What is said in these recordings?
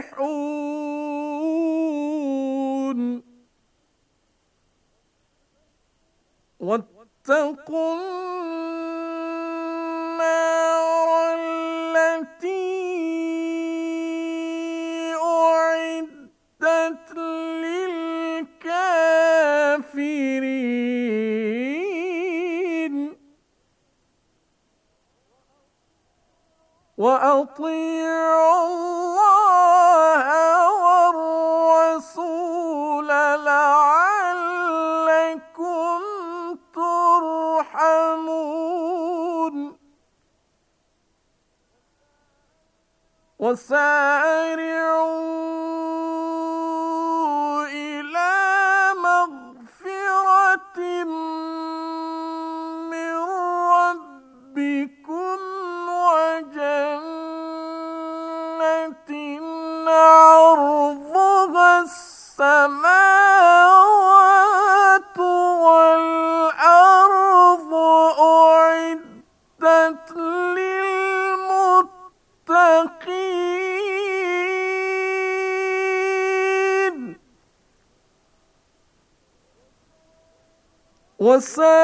تفلحون واتقوا النار التي أعدت للكافرين وأطيعوا وسارعوا إلى مغفرة من ربكم وجنة عرضها السماء coração.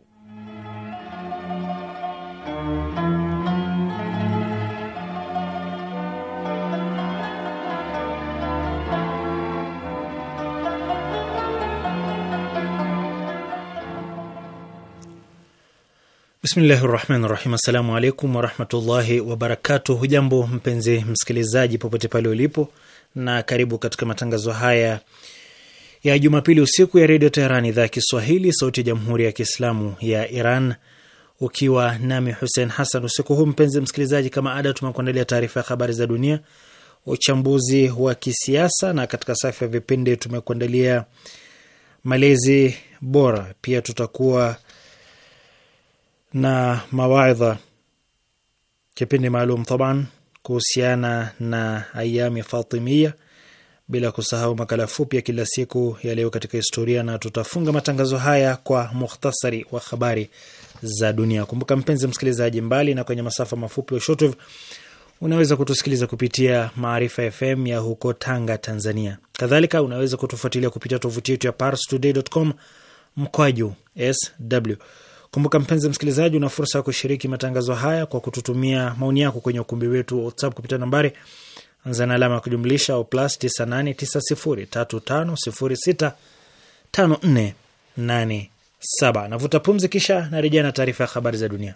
Bismillahi rahmani rahim. Assalamu alaikum warahmatullahi wabarakatu Hujambo mpenzi msikilizaji, popote pale ulipo, na karibu katika matangazo haya ya Jumapili usiku ya redio Teheran, idhaa ya Kiswahili, sauti ya jamhuri ya kiislamu ya Iran, ukiwa nami Hussein Hassan. Usiku huu mpenzi msikilizaji, kama ada, tumekuandalia taarifa ya habari za dunia, uchambuzi wa kisiasa, na katika safu ya vipindi tumekuandalia malezi bora. Pia tutakuwa na mawaidha, kipindi maalum taban kuhusiana na ayami Fatimia, bila kusahau makala fupi ya kila siku ya leo katika historia, na tutafunga matangazo haya kwa mukhtasari wa habari za dunia. Kumbuka mpenzi msikilizaji, mbali na kwenye masafa mafupi wa shortwave, unaweza kutusikiliza kupitia Maarifa FM ya huko Tanga, Tanzania. Kadhalika unaweza kutufuatilia kupitia tovuti yetu ya parstoday.com mkwaju sw Kumbuka mpenzi msikilizaji, una fursa ya kushiriki matangazo haya kwa kututumia maoni yako kwenye ukumbi wetu wa WhatsApp kupitia nambari anza na alama ya kujumlisha au plus 989035065487. Navuta pumzi, kisha narejea na taarifa ya habari za dunia.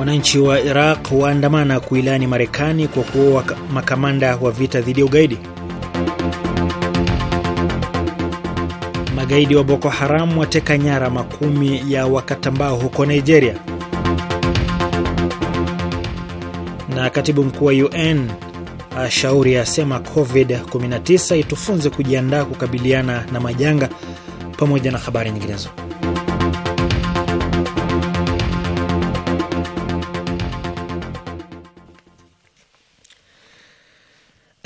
Wananchi wa Iraq waandamana kuilani Marekani kwa kuua makamanda wa vita dhidi ya ugaidi. Magaidi wa Boko Haram wateka nyara makumi ya wakatambao huko Nigeria. Na katibu mkuu wa UN ashauri asema COVID-19 itufunze kujiandaa kukabiliana na majanga, pamoja na habari nyinginezo.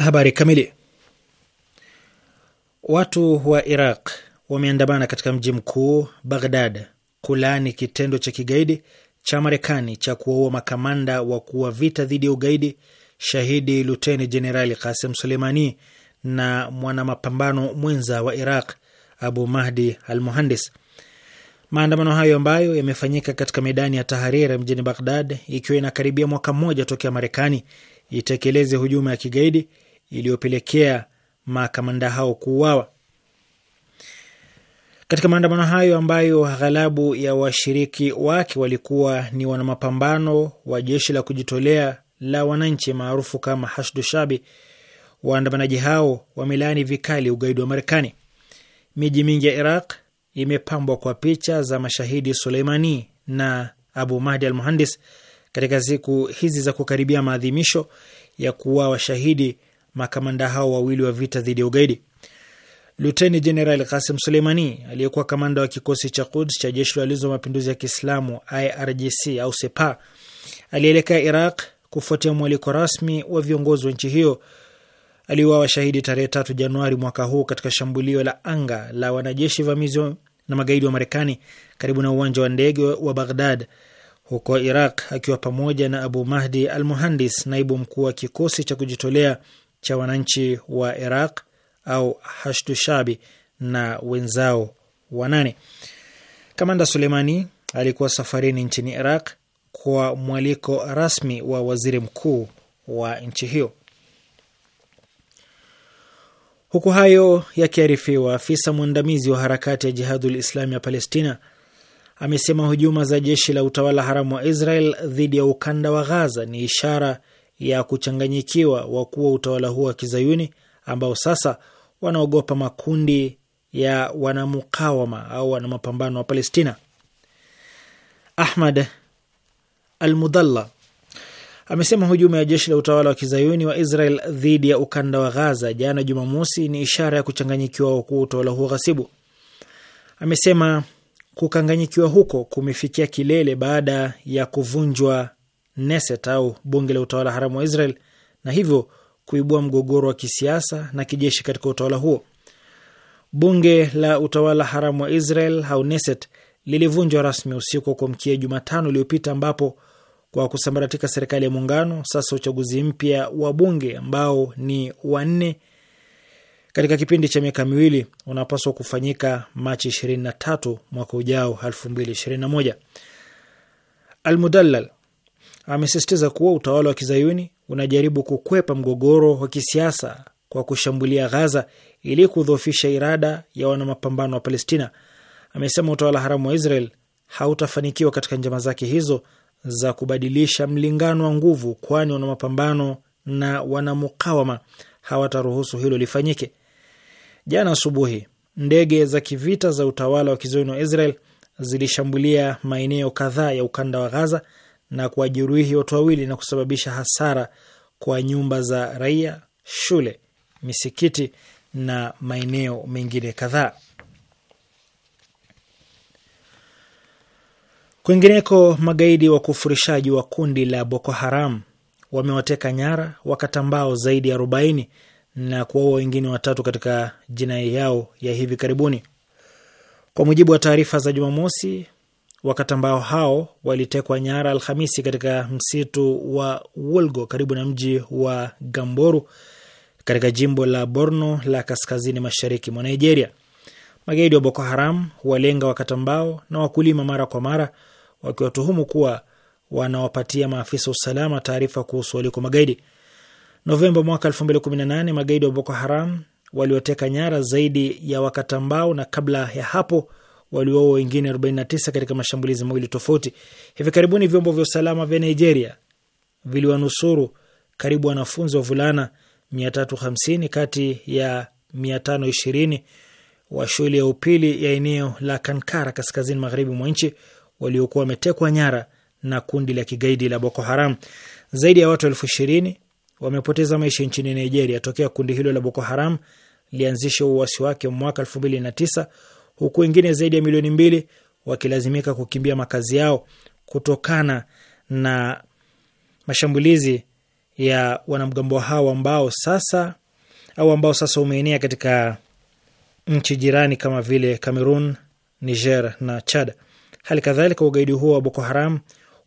Habari kamili. Watu wa Iraq wameandamana katika mji mkuu Baghdad kulaani kitendo cha kigaidi cha Marekani cha kuwaua makamanda wa kuwa vita dhidi ya ugaidi shahidi luteni jenerali Qasim Suleimani na mwanamapambano mwenza wa Iraq Abu Mahdi al Muhandis. Maandamano hayo ambayo yamefanyika katika medani ya Tahariri mjini Baghdad, ikiwa inakaribia mwaka mmoja tokea Marekani itekeleze hujuma ya kigaidi iliyopelekea makamanda hao kuuawa. Katika maandamano hayo ambayo ghalabu ya washiriki wake walikuwa ni wanamapambano wa jeshi la kujitolea la wananchi maarufu kama Hashdu Shabi, waandamanaji hao wamelaani vikali ugaidi wa Marekani. Miji mingi ya Iraq imepambwa kwa picha za mashahidi Suleimani na Abu Mahdi al Muhandis katika siku hizi za kukaribia maadhimisho ya kuwa washahidi makamanda hao wawili wa vita dhidi ya ugaidi. Luteni Jeneral Kasim Suleimani aliyekuwa kamanda wa kikosi cha Quds cha jeshi la walinzi wa mapinduzi ya Kiislamu IRGC au Sepa alielekea Iraq kufuatia mwaliko rasmi wa viongozi wa nchi hiyo aliuawa shahidi tarehe tatu Januari mwaka huu katika shambulio la anga la wanajeshi vamizi na magaidi wa Marekani karibu na uwanja wa ndege wa Baghdad huko Iraq, akiwa pamoja na Abu Mahdi al Muhandis, naibu mkuu wa kikosi cha kujitolea cha wananchi wa Iraq au Hashdu Shabi na wenzao wanane. Kamanda Suleimani alikuwa safarini nchini Iraq kwa mwaliko rasmi wa waziri mkuu wa nchi hiyo. Huku hayo yakiarifiwa, afisa mwandamizi wa harakati ya Jihadul Islami ya Palestina amesema hujuma za jeshi la utawala haramu wa Israel dhidi ya ukanda wa Ghaza ni ishara ya kuchanganyikiwa wakuu wa utawala huo wa kizayuni ambao sasa wanaogopa makundi ya wanamukawama au wana mapambano wa Palestina. Ahmad Almudalla amesema hujuma ya jeshi la utawala wa kizayuni wa Israel dhidi ya ukanda wa Ghaza jana Jumamosi ni ishara ya kuchanganyikiwa wakuu wa utawala huo ghasibu. Amesema kukanganyikiwa huko kumefikia kilele baada ya kuvunjwa Knesset au bunge la utawala haramu wa Israel na hivyo kuibua mgogoro wa kisiasa na kijeshi katika utawala huo. Bunge la utawala haramu wa Israel au Knesset lilivunjwa rasmi usiku wa kuamkia Jumatano iliyopita ambapo kwa kusambaratika serikali ya muungano, sasa uchaguzi mpya wa bunge ambao ni wanne katika kipindi cha miaka miwili unapaswa kufanyika Machi 23 mwaka ujao 2021. Almudallal amesisitiza kuwa utawala wa kizayuni unajaribu kukwepa mgogoro wa kisiasa kwa kushambulia Ghaza ili kudhoofisha irada ya wanamapambano wa Palestina. Amesema utawala haramu wa Israel hautafanikiwa katika njama zake hizo za kubadilisha mlingano wa nguvu, kwani wanamapambano na wanamukawama hawataruhusu hilo lifanyike. Jana asubuhi, ndege za kivita za utawala wa kizayuni wa Israel zilishambulia maeneo kadhaa ya ukanda wa Ghaza na kuwajeruhi watu wawili na kusababisha hasara kwa nyumba za raia, shule, misikiti na maeneo mengine kadhaa. Kwingineko, magaidi wa kufurishaji wa kundi la Boko Haram wamewateka nyara wakatambao zaidi ya arobaini na kuwaua wengine watatu katika jinai yao ya hivi karibuni. Kwa mujibu wa taarifa za Jumamosi, wakati ambao hao walitekwa nyara Alhamisi katika msitu wa Wolgo karibu na mji wa Gamboru katika jimbo la Borno la kaskazini mashariki mwa Nigeria. Magaidi wa Boko Haram walenga wakati ambao na wakulima mara kwa mara, wakiwatuhumu kuwa wanawapatia maafisa usalama taarifa kuhusu waliko magaidi. Novemba mwaka 2018 magaidi wa Boko Haram walioteka nyara zaidi ya wakatambao na kabla ya hapo waliwaua wengine 49 katika mashambulizi mawili tofauti. Hivi karibuni vyombo vya usalama vya Nigeria viliwanusuru karibu wanafunzi wavulana 350 kati ya 520 wa shule ya upili ya eneo la Kankara kaskazini magharibi mwa nchi waliokuwa wametekwa nyara na kundi la kigaidi la Boko Haram. Zaidi ya watu elfu ishirini wamepoteza maisha nchini Nigeria tokea kundi hilo la Boko Haram lianzishe uasi wake mwaka elfu mbili na tisa huku wengine zaidi ya milioni mbili wakilazimika kukimbia makazi yao kutokana na mashambulizi ya wanamgambo hao ambao sasa au ambao sasa umeenea katika nchi jirani kama vile Cameroon, Niger na Chad. Hali kadhalika ugaidi huo wa Boko Haram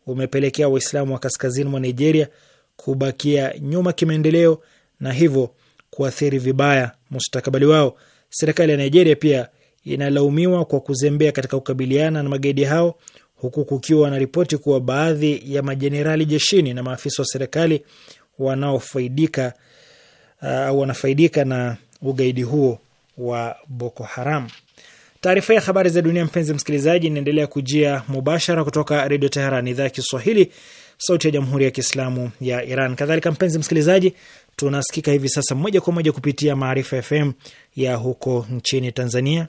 umepelekea Waislamu wa kaskazini mwa Nigeria kubakia nyuma kimaendeleo na hivyo kuathiri vibaya mustakabali wao. Serikali ya Nigeria pia inalaumiwa kwa kuzembea katika kukabiliana na magaidi hao huku kukiwa na ripoti kuwa baadhi ya majenerali jeshini na maafisa wa serikali wanaofaidika au uh, wanafaidika na ugaidi huo wa Boko Haram. Taarifa ya habari za dunia, mpenzi msikilizaji, inaendelea kujia mubashara kutoka Redio Teheran, idhaa ya Kiswahili, sauti ya Jamhuri ya Kiislamu ya Iran. Kadhalika mpenzi msikilizaji, tunasikika hivi sasa moja kwa moja kupitia Maarifa FM ya huko nchini Tanzania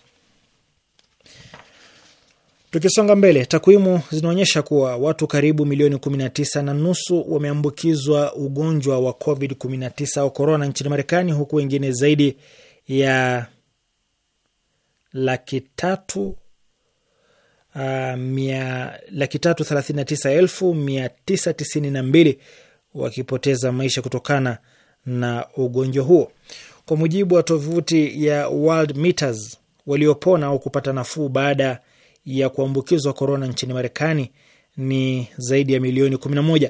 Tukisonga mbele, takwimu zinaonyesha kuwa watu karibu milioni 19 na nusu wameambukizwa ugonjwa wa COVID-19 au korona nchini Marekani, huku wengine zaidi ya laki tatu Uh, mia, laki tatu thelathini na tisa elfu mia tisa tisini na mbili wakipoteza maisha kutokana na ugonjwa huo, kwa mujibu wa tovuti ya World Meters. Waliopona au kupata nafuu baada ya kuambukizwa korona nchini Marekani ni zaidi ya milioni 11.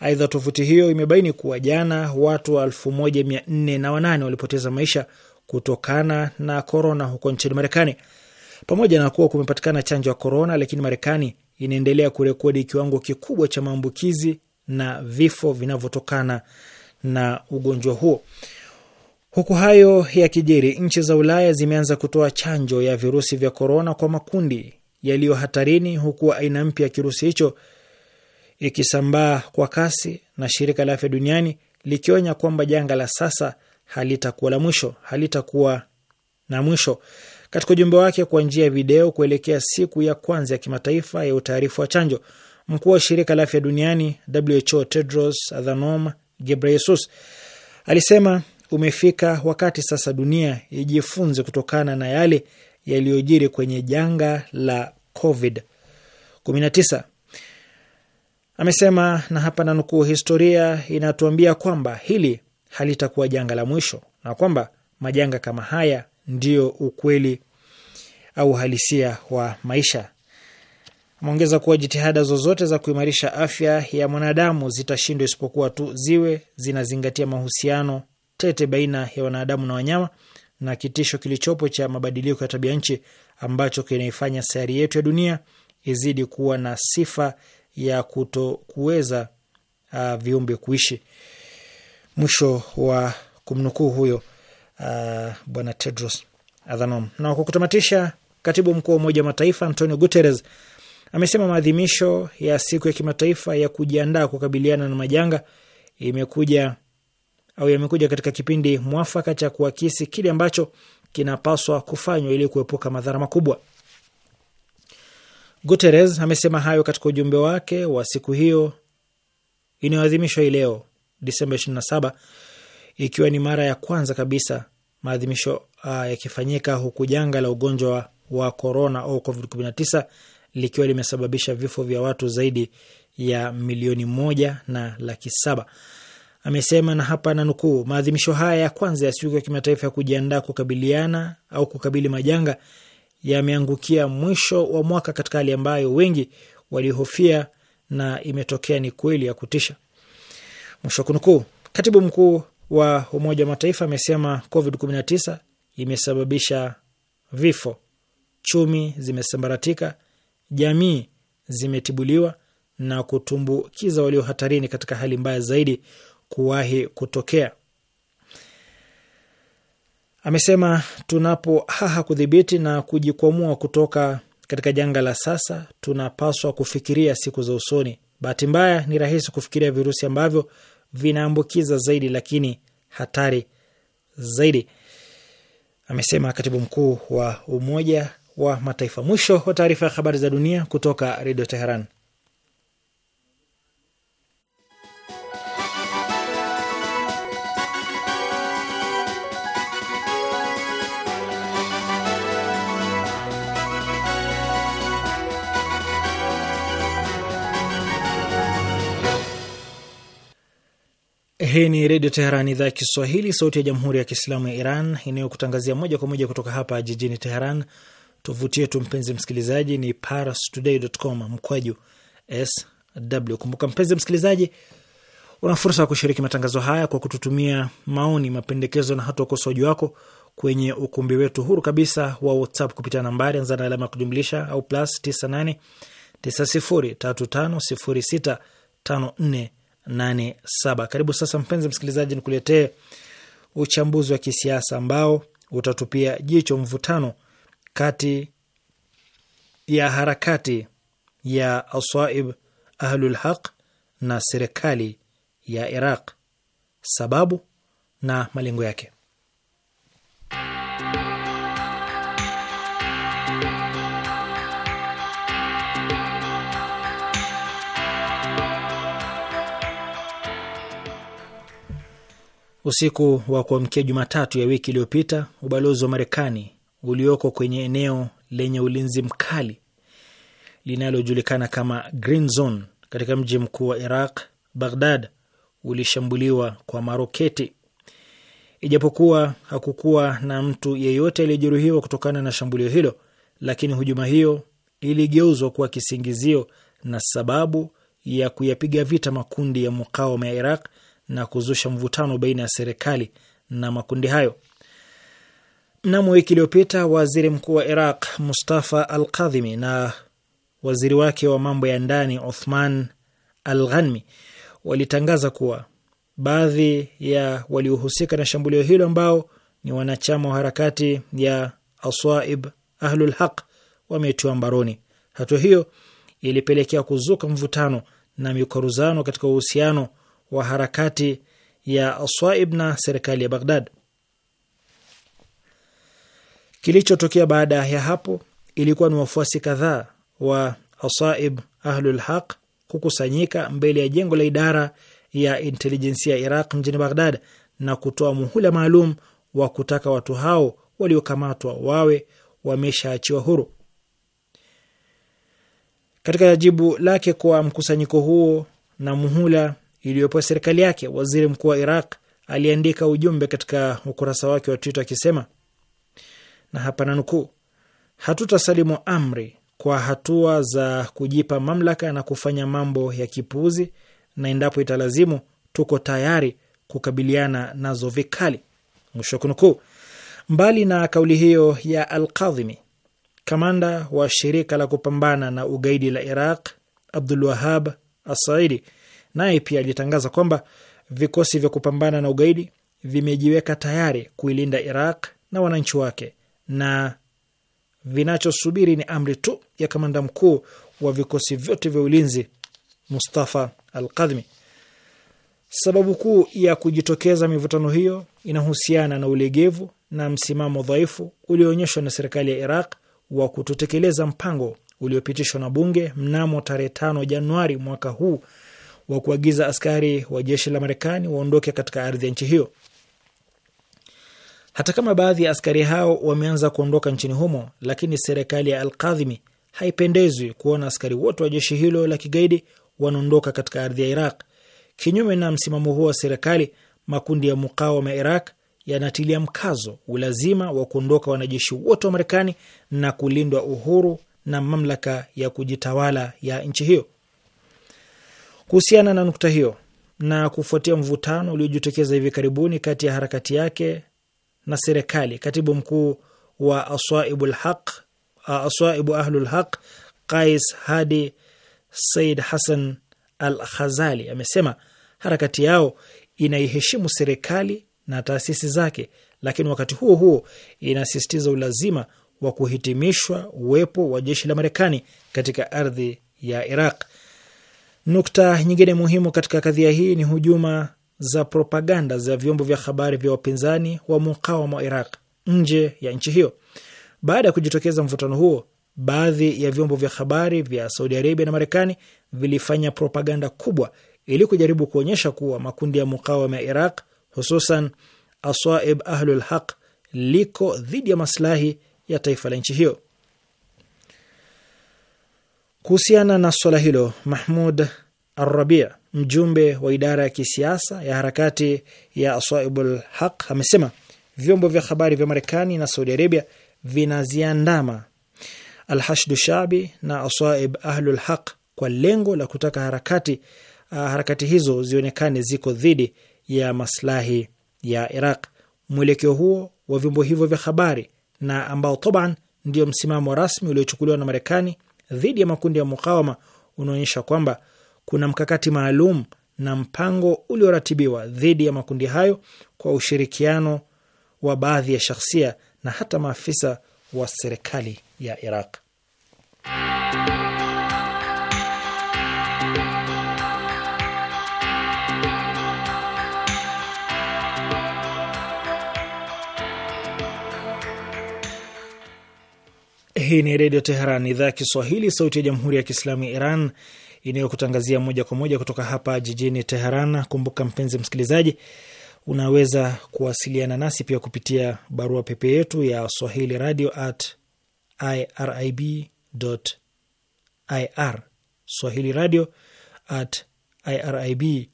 Aidha, tovuti hiyo imebaini kuwa jana watu 1408 walipoteza maisha kutokana na korona huko nchini Marekani. Pamoja na kuwa kumepatikana chanjo ya korona, lakini Marekani inaendelea kurekodi kiwango kikubwa cha maambukizi na vifo vinavyotokana na ugonjwa huo. Huku hayo yakijiri, nchi za Ulaya zimeanza kutoa chanjo ya virusi vya korona kwa makundi yaliyo hatarini, huku aina mpya ya kirusi hicho ikisambaa kwa kasi na shirika la afya duniani likionya kwamba janga la sasa halitakuwa la mwisho, halitakuwa na mwisho. Katika ujumbe wake kwa njia ya video kuelekea siku ya kwanza ya kimataifa ya utaarifu wa chanjo, mkuu wa shirika la afya duniani WHO Tedros Adhanom Ghebreyesus alisema umefika wakati sasa dunia ijifunze kutokana na yale yaliyojiri kwenye janga la COVID-19. Amesema, na hapa nanukuu, historia inatuambia kwamba hili halitakuwa janga la mwisho na kwamba majanga kama haya ndio ukweli au uhalisia wa maisha. Ameongeza kuwa jitihada zozote za kuimarisha afya ya mwanadamu zitashindwa isipokuwa tu ziwe zinazingatia mahusiano tete baina ya wanadamu na wanyama na kitisho kilichopo cha mabadiliko ya tabia nchi ambacho kinaifanya sayari yetu ya dunia izidi kuwa na sifa ya kuweza uh, viumbe kuishi. Mwisho wa kumnukuu huyo uh, Bwana Tedros Adhanom. Na kwa kutamatisha, katibu mkuu wa Umoja wa Mataifa Antonio Guterres amesema maadhimisho ya siku ya kimataifa ya kujiandaa kukabiliana na majanga imekuja au yamekuja katika kipindi mwafaka cha kuakisi kile ambacho kinapaswa kufanywa ili kuepuka madhara makubwa. Guterres amesema hayo katika ujumbe wake wa siku hiyo inayoadhimishwa hii leo Disemba 27 ikiwa ni mara ya kwanza kabisa maadhimisho ah, yakifanyika huku janga la ugonjwa wa corona au COVID-19 likiwa limesababisha vifo vya watu zaidi ya milioni moja na laki saba amesema na hapa na nukuu, maadhimisho haya ya kwanza ya siku ya kimataifa ya kujiandaa kukabiliana au kukabili majanga yameangukia mwisho wa mwaka katika hali ambayo wengi walihofia na imetokea ni kweli ya kutisha, mwisho kunukuu. Katibu mkuu wa Umoja wa Mataifa amesema COVID-19 imesababisha vifo, chumi zimesambaratika, jamii zimetibuliwa na kutumbukiza walio hatarini katika hali mbaya zaidi kuwahi kutokea. Amesema tunapo haha kudhibiti na kujikwamua kutoka katika janga la sasa, tunapaswa kufikiria siku za usoni. Bahati mbaya, ni rahisi kufikiria virusi ambavyo vinaambukiza zaidi, lakini hatari zaidi, amesema katibu mkuu wa Umoja wa Mataifa. Mwisho wa taarifa ya habari za dunia kutoka Redio Teheran. Hii ni Redio Teheran, idhaa ya Kiswahili, sauti ya Jamhuri ya Kiislamu ya Iran inayokutangazia moja kwa moja kutoka hapa jijini Teheran. Tovuti yetu mpenzi msikilizaji ni parstoday.com mkwaju sw. Kumbuka mpenzi msikilizaji, una fursa ya kushiriki matangazo haya kwa kututumia maoni, mapendekezo na hata ukosoaji wako kwenye ukumbi wetu huru kabisa wa WhatsApp kupitia nambari anza na alama ya kujumlisha au plus 98 90350654 87. Karibu sasa, mpenzi msikilizaji, nikuletee uchambuzi wa kisiasa ambao utatupia jicho mvutano kati ya harakati ya Asaib Ahlul Haq na serikali ya Iraq, sababu na malengo yake. Usiku wa kuamkia Jumatatu ya wiki iliyopita, ubalozi wa Marekani ulioko kwenye eneo lenye ulinzi mkali linalojulikana kama Green Zone katika mji mkuu wa Iraq, Baghdad, ulishambuliwa kwa maroketi. Ijapokuwa hakukuwa na mtu yeyote aliyejeruhiwa kutokana na shambulio hilo, lakini hujuma hiyo iligeuzwa kuwa kisingizio na sababu ya kuyapiga vita makundi ya mukawama ya Iraq na kuzusha mvutano baina ya serikali na makundi hayo. Mnamo wiki iliyopita, waziri mkuu wa Iraq Mustafa Al Kadhimi na waziri wake wa mambo ya ndani Othman Al Ghanmi walitangaza kuwa baadhi ya waliohusika na shambulio hilo ambao ni wanachama wa harakati ya aswaib Ahlul Haq wametiwa mbaroni. Hatua hiyo ilipelekea kuzuka mvutano na mikoruzano katika uhusiano wa harakati ya Swaib na serikali ya Baghdad. Kilichotokea baada ya hapo ilikuwa ni wafuasi kadhaa wa Asaib Ahlul Haq kukusanyika mbele ya jengo la idara ya intelijensia ya Iraq mjini Baghdad na kutoa muhula maalum wa kutaka watu hao waliokamatwa wawe wameshaachiwa huru. Katika jibu lake kwa mkusanyiko huo na muhula iliyopewa serikali yake, waziri mkuu wa Iraq aliandika ujumbe katika ukurasa wake wa Twitter akisema, na hapa nukuu, hatutasalimu amri kwa hatua za kujipa mamlaka na kufanya mambo ya kipuuzi, na endapo italazimu, tuko tayari kukabiliana nazo vikali, mwisho kunukuu. Mbali na kauli hiyo ya Alkadhimi, kamanda wa shirika la kupambana na ugaidi la Iraq Abdul Wahab Asaidi Naye pia alitangaza kwamba vikosi vya kupambana na ugaidi vimejiweka tayari kuilinda Iraq na wananchi wake na vinachosubiri ni amri tu ya kamanda mkuu wa vikosi vyote vya ulinzi Mustafa al Kadhmi. Sababu kuu ya kujitokeza mivutano hiyo inahusiana na ulegevu na msimamo dhaifu ulioonyeshwa na serikali ya Iraq wa kutotekeleza mpango uliopitishwa na bunge mnamo tarehe tano Januari mwaka huu wa kuagiza askari wa jeshi la Marekani waondoke katika ardhi ya nchi hiyo. Hata kama baadhi ya askari hao wameanza kuondoka nchini humo, lakini serikali ya Alkadhimi haipendezwi kuona askari wote wa jeshi hilo la kigaidi wanaondoka katika ardhi ya Iraq. Kinyume na msimamo huo wa serikali, makundi ya mukawama ya Iraq yanatilia mkazo ulazima wa kuondoka wanajeshi wote wa Marekani na kulindwa uhuru na mamlaka ya kujitawala ya nchi hiyo. Kuhusiana na nukta hiyo na kufuatia mvutano uliojitokeza hivi karibuni kati ya harakati yake na serikali, katibu mkuu wa Aswaibu Lhaq, Aswaibu Ahlul Haq Qais Hadi Said Hassan Al Khazali amesema harakati yao inaiheshimu serikali na taasisi zake, lakini wakati huo huo inasisitiza ulazima wa kuhitimishwa uwepo wa jeshi la Marekani katika ardhi ya Iraq. Nukta nyingine muhimu katika kadhia hii ni hujuma za propaganda za vyombo vya habari vya wapinzani wa mukawama wa Iraq nje ya nchi hiyo. Baada ya kujitokeza mvutano huo, baadhi ya vyombo vya habari vya Saudi Arabia na Marekani vilifanya propaganda kubwa ili kujaribu kuonyesha kuwa makundi ya mukawama ya Iraq hususan aswaib Ahlul Haq liko dhidi ya maslahi ya taifa la nchi hiyo. Kuhusiana na swala hilo, Mahmud arabi mjumbe wa idara ya kisiasa ya harakati ya Asaibul Haq, amesema vyombo vya habari vya Marekani na Saudi Arabia vinaziandama Alhashdu Shabi na Asaib Ahlul Haq kwa lengo la kutaka harakati, ah, harakati hizo zionekane ziko dhidi ya maslahi ya Iraq. Mwelekeo huo wa vyombo hivyo vya habari na ambao taban ndio msimamo rasmi uliochukuliwa na Marekani dhidi ya makundi ya mukawama unaonyesha kwamba kuna mkakati maalum na mpango ulioratibiwa dhidi ya makundi hayo kwa ushirikiano wa baadhi ya shakhsia na hata maafisa wa serikali ya Iraq. Hii ni Redio Teheran, idhaa ya Kiswahili, sauti ya Jamhuri ya Kiislamu ya Iran inayokutangazia moja kwa moja kutoka hapa jijini Teheran. Kumbuka mpenzi msikilizaji, unaweza kuwasiliana nasi pia kupitia barua pepe yetu ya swahili radio at irib ir, swahili radio at irib ir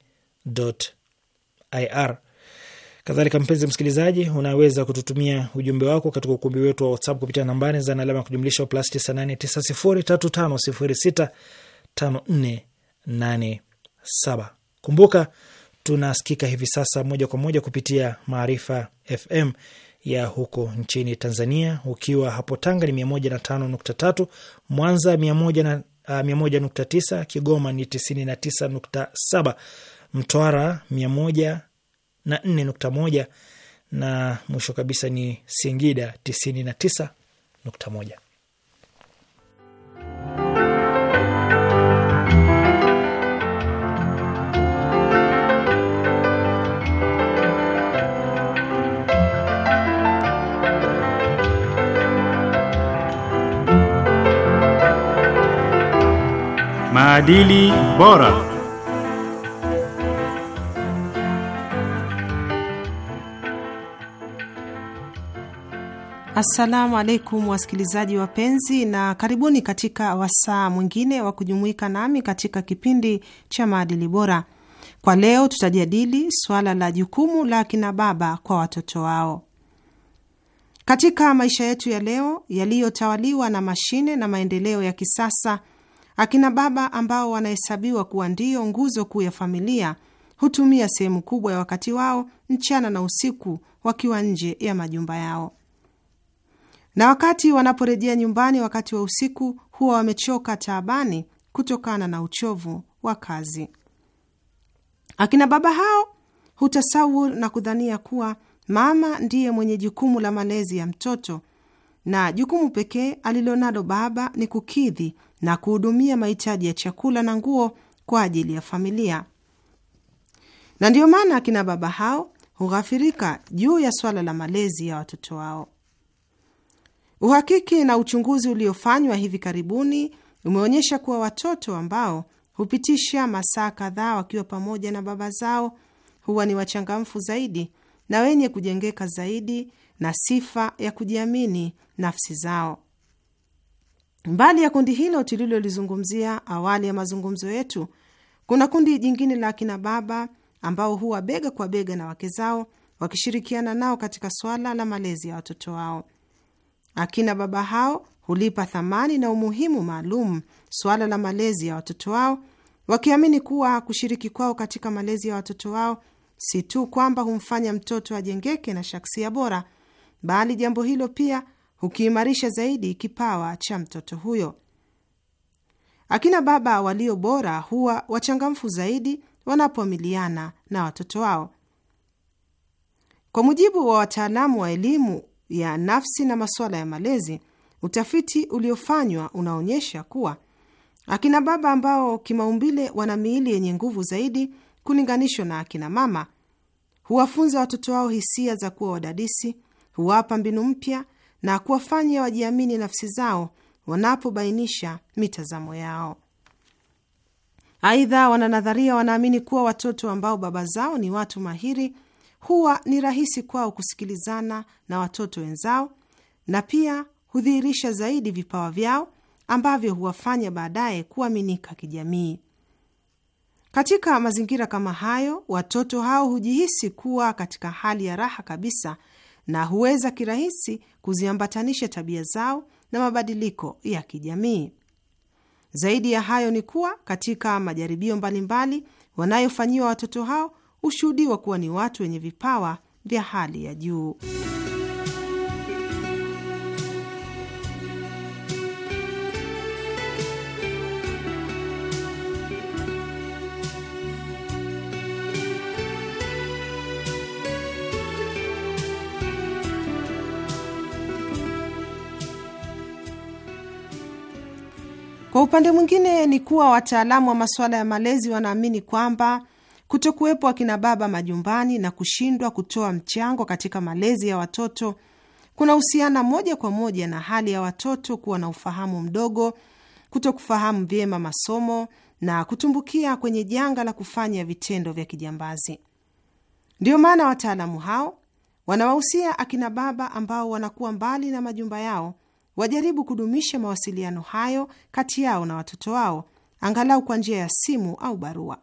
Kadhalika mpenzi msikilizaji, unaweza kututumia ujumbe wako katika ukumbi wetu wa WhatsApp kupitia nambari za alama ya kujumlisha plus 989035065487. Kumbuka tunasikika hivi sasa moja kwa moja kupitia Maarifa FM ya huko nchini Tanzania. Ukiwa hapo Tanga ni 105.3, Mwanza 101.9, ah, Kigoma ni 99.7, Mtwara na nne nukta moja na mwisho kabisa ni Singida tisini na tisa nukta moja. Maadili bora. Assalamu alaikum wasikilizaji wapenzi, na karibuni katika wasaa mwingine wa kujumuika nami katika kipindi cha maadili bora. Kwa leo tutajadili swala la jukumu la akina baba kwa watoto wao katika maisha yetu ya leo yaliyotawaliwa na mashine na maendeleo ya kisasa. Akina baba ambao wanahesabiwa kuwa ndiyo nguzo kuu ya familia hutumia sehemu kubwa ya wakati wao mchana na usiku wakiwa nje ya majumba yao na wakati wanaporejea nyumbani wakati wa usiku huwa wamechoka taabani kutokana na uchovu wa kazi. Akina baba hao hutasawur na kudhania kuwa mama ndiye mwenye jukumu la malezi ya mtoto na jukumu pekee alilonalo baba ni kukidhi na kuhudumia mahitaji ya chakula na nguo kwa ajili ya familia, na ndiyo maana akina baba hao hughafirika juu ya swala la malezi ya watoto wao. Uhakiki na uchunguzi uliofanywa hivi karibuni umeonyesha kuwa watoto ambao hupitisha masaa kadhaa wakiwa pamoja na baba zao huwa ni wachangamfu zaidi na wenye kujengeka zaidi na sifa ya kujiamini nafsi zao. Mbali ya kundi hilo tulilolizungumzia awali ya mazungumzo yetu, kuna kundi jingine la akina baba ambao huwa bega kwa bega na wake zao wakishirikiana nao katika swala la malezi ya watoto wao. Akina baba hao hulipa thamani na umuhimu maalum suala la malezi ya watoto wao, wakiamini kuwa kushiriki kwao katika malezi ya watoto wao si tu kwamba humfanya mtoto ajengeke na shaksia bora, bali jambo hilo pia hukiimarisha zaidi kipawa cha mtoto huyo. Akina baba walio bora huwa wachangamfu zaidi wanapoamiliana na watoto wao. Kwa mujibu wa wataalamu wa elimu ya nafsi na masuala ya malezi, utafiti uliofanywa unaonyesha kuwa akina baba ambao kimaumbile wana miili yenye nguvu zaidi kulinganishwa na akina mama huwafunza watoto wao hisia za kuwa wadadisi, huwapa mbinu mpya na kuwafanya wajiamini nafsi zao wanapobainisha mitazamo yao. Aidha, wananadharia wanaamini kuwa watoto ambao baba zao ni watu mahiri huwa ni rahisi kwao kusikilizana na watoto wenzao na pia hudhihirisha zaidi vipawa vyao ambavyo huwafanya baadaye kuaminika kijamii. Katika mazingira kama hayo, watoto hao hujihisi kuwa katika hali ya raha kabisa na huweza kirahisi kuziambatanisha tabia zao na mabadiliko ya kijamii. Zaidi ya hayo ni kuwa katika majaribio mbalimbali wanayofanyiwa watoto hao hushuhudiwa kuwa ni watu wenye vipawa vya hali ya juu. Kwa upande mwingine ni kuwa wataalamu wa masuala ya malezi wanaamini kwamba kutokuwepo akina baba majumbani na kushindwa kutoa mchango katika malezi ya watoto kuna husiana moja kwa moja na hali ya watoto kuwa na ufahamu mdogo, kutokufahamu vyema masomo na kutumbukia kwenye janga la kufanya vitendo vya kijambazi. Ndiyo maana wataalamu hao wanawahusia akina baba ambao wanakuwa mbali na majumba yao wajaribu kudumisha mawasiliano hayo kati yao na watoto wao, angalau kwa njia ya simu au barua.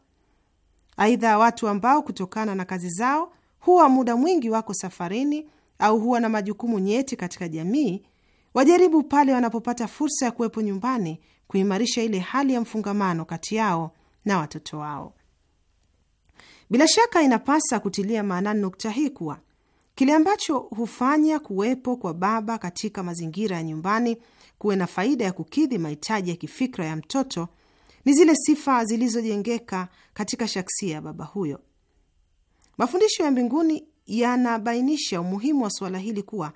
Aidha, watu ambao kutokana na kazi zao huwa muda mwingi wako safarini au huwa na majukumu nyeti katika jamii, wajaribu pale wanapopata fursa ya kuwepo nyumbani kuimarisha ile hali ya mfungamano kati yao na watoto wao. Bila shaka inapasa kutilia maanani nukta hii kuwa kile ambacho hufanya kuwepo kwa baba katika mazingira ya nyumbani kuwe na faida ya kukidhi mahitaji ya kifikra ya mtoto ni zile sifa zilizojengeka katika shaksia ya baba huyo. Mafundisho ya mbinguni yanabainisha umuhimu wa suala hili kuwa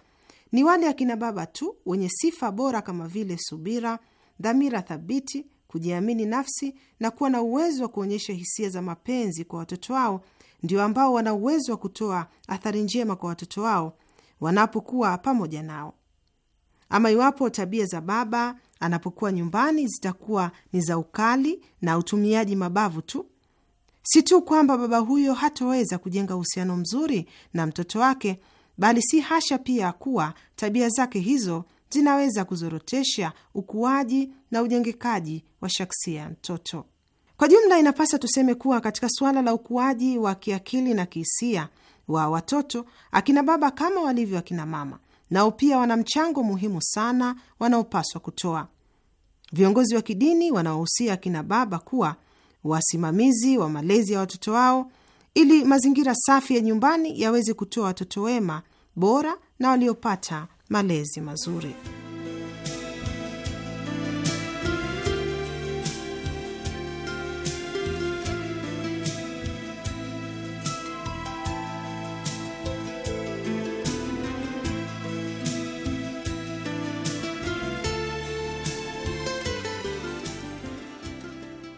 ni wale akina baba tu wenye sifa bora kama vile subira, dhamira thabiti, kujiamini nafsi na kuwa na uwezo wa kuonyesha hisia za mapenzi kwa watoto wao ndio ambao wana uwezo wa kutoa athari njema kwa watoto wao wanapokuwa pamoja nao. Ama iwapo tabia za baba anapokuwa nyumbani zitakuwa ni za ukali na utumiaji mabavu tu. Si tu kwamba baba huyo hatoweza kujenga uhusiano mzuri na mtoto wake, bali si hasha pia kuwa tabia zake hizo zinaweza kuzorotesha ukuaji na ujengekaji wa shaksia ya mtoto. Kwa jumla, inapasa tuseme kuwa katika suala la ukuaji wa kiakili na kihisia wa watoto, akina baba kama walivyo akina mama nao pia wana mchango muhimu sana wanaopaswa kutoa. Viongozi wa kidini wanawahusia akina baba kuwa wasimamizi wa malezi ya watoto wao ili mazingira safi ya nyumbani yaweze kutoa watoto wema, bora na waliopata malezi mazuri.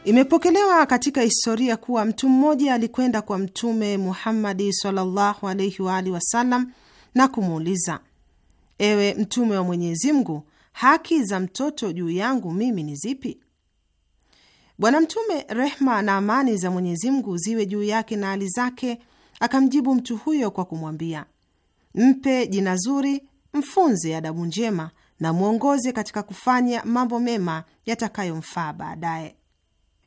Imepokelewa katika historia kuwa mtu mmoja alikwenda kwa Mtume Muhammadi sallallahu alaihi wa alihi wasallam na kumuuliza, ewe Mtume wa Mwenyezi Mungu, haki za mtoto juu yangu mimi ni zipi? Bwana Mtume, rehma na amani za Mwenyezi Mungu ziwe juu yake na hali zake, akamjibu mtu huyo kwa kumwambia, mpe jina zuri, mfunze adabu njema na mwongoze katika kufanya mambo mema yatakayomfaa baadaye.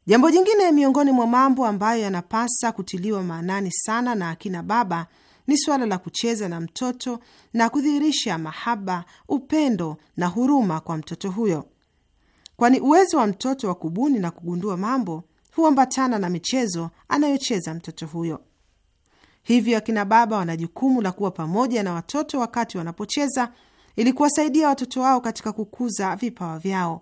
Jambo jingine miongoni mwa mambo ambayo yanapasa kutiliwa maanani sana na akina baba ni suala la kucheza na mtoto na kudhihirisha mahaba, upendo na huruma kwa mtoto huyo, kwani uwezo wa mtoto wa kubuni na kugundua mambo huambatana na michezo anayocheza mtoto huyo. Hivyo akina baba wana jukumu la kuwa pamoja na watoto wakati wanapocheza ili kuwasaidia watoto wao katika kukuza vipawa vyao.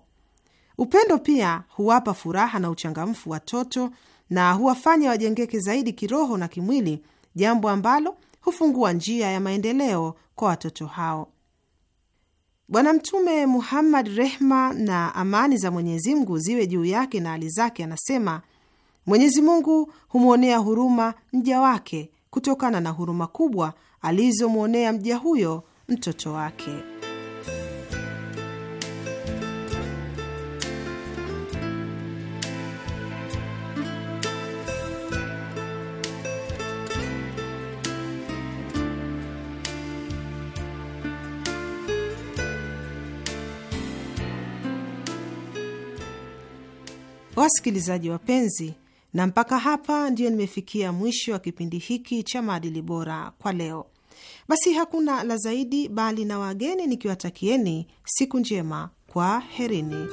Upendo pia huwapa furaha na uchangamfu watoto na huwafanya wajengeke zaidi kiroho na kimwili, jambo ambalo hufungua njia ya maendeleo kwa watoto hao. Bwana Mtume Muhammad, rehma na amani za Mwenyezi Mungu ziwe juu yake na hali zake, anasema Mwenyezi Mungu humwonea huruma mja wake kutokana na huruma kubwa alizomwonea mja huyo mtoto wake. Wasikilizaji wapenzi, na mpaka hapa ndiyo nimefikia mwisho wa kipindi hiki cha maadili bora kwa leo. Basi hakuna la zaidi, bali na wageni nikiwatakieni siku njema, kwa kwaherini.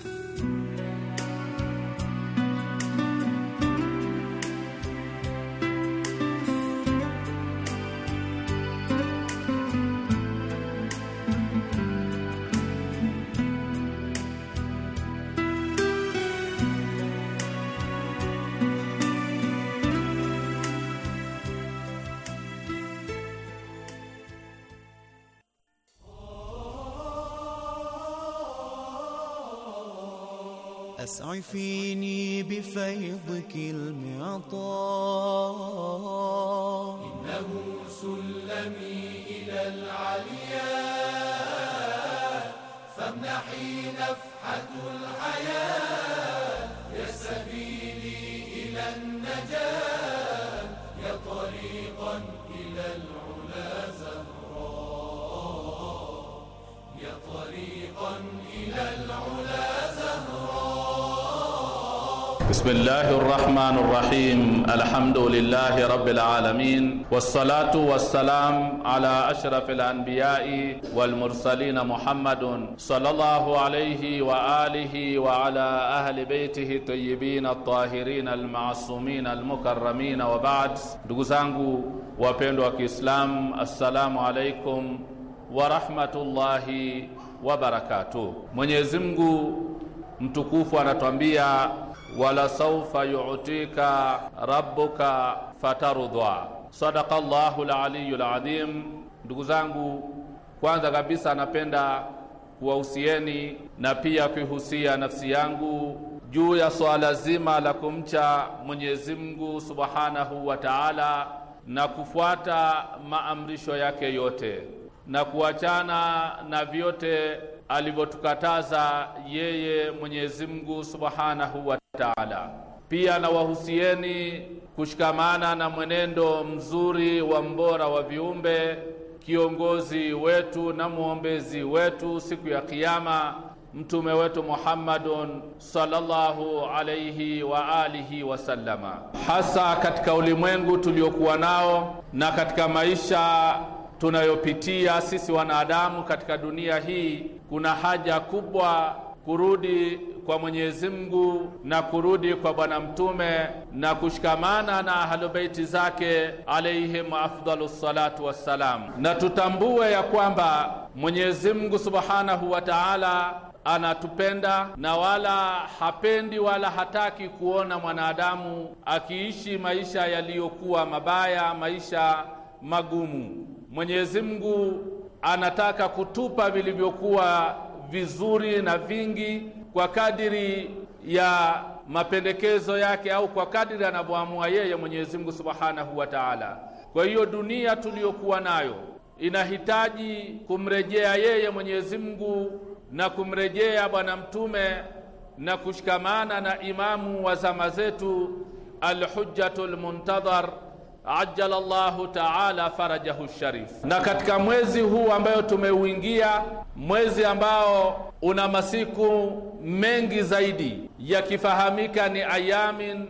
ضعفيني بفيضك المعطاء إنه سلمي إلى العلي بسم الله الرحمن الرحيم الحمد لله رب العالمين والصلاة والسلام على أشرف الأنبياء والمرسلين محمد صلى الله عليه وآله وعلى أهل بيته الطيبين الطاهرين المعصومين المكرمين وبعد دقزانقو وبيلو كإسلام السلام عليكم ورحمة الله وبركاته mwenyezi mungu mtukufu anatwambia wala saufa yu'tika rabbuka fatarudwa. Sadaqa Allahu al adhim. Ndugu zangu, kwanza kabisa napenda kuwahusieni na pia kuihusia nafsi yangu juu ya swala zima la kumcha Mwenyezi Mungu Subhanahu wa Ta'ala na kufuata maamrisho yake yote na kuachana na vyote alivyotukataza yeye Mwenyezi Mungu Subhanahu wa Ta'ala. Pia nawahusieni kushikamana na mwenendo mzuri wa mbora wa viumbe, kiongozi wetu na mwombezi wetu siku ya Kiyama, mtume wetu Muhammadun sallallahu alayhi wa alihi wasallama, hasa katika ulimwengu tuliokuwa nao na katika maisha tunayopitia sisi wanadamu katika dunia hii kuna haja kubwa kurudi kwa Mwenyezi Mungu na kurudi kwa Bwana Mtume na kushikamana na ahlubeiti zake alaihim afdalu salatu wassalam, na tutambue ya kwamba Mwenyezi Mungu subhanahu wa taala anatupenda na wala hapendi wala hataki kuona mwanadamu akiishi maisha yaliyokuwa mabaya, maisha magumu. Mwenyezi Mungu anataka kutupa vilivyokuwa vizuri na vingi kwa kadiri ya mapendekezo yake au kwa kadiri anavyoamua yeye Mwenyezi Mungu Subhanahu wa Ta'ala. Kwa hiyo dunia tuliyokuwa nayo inahitaji kumrejea yeye Mwenyezi Mungu na kumrejea Bwana Mtume na kushikamana na imamu wa zama zetu Al-Hujjatul Muntadhar ajala llahu taala farajahu sharif. Na katika mwezi huu ambayo tumeuingia, mwezi ambao una masiku mengi zaidi yakifahamika ni ayamin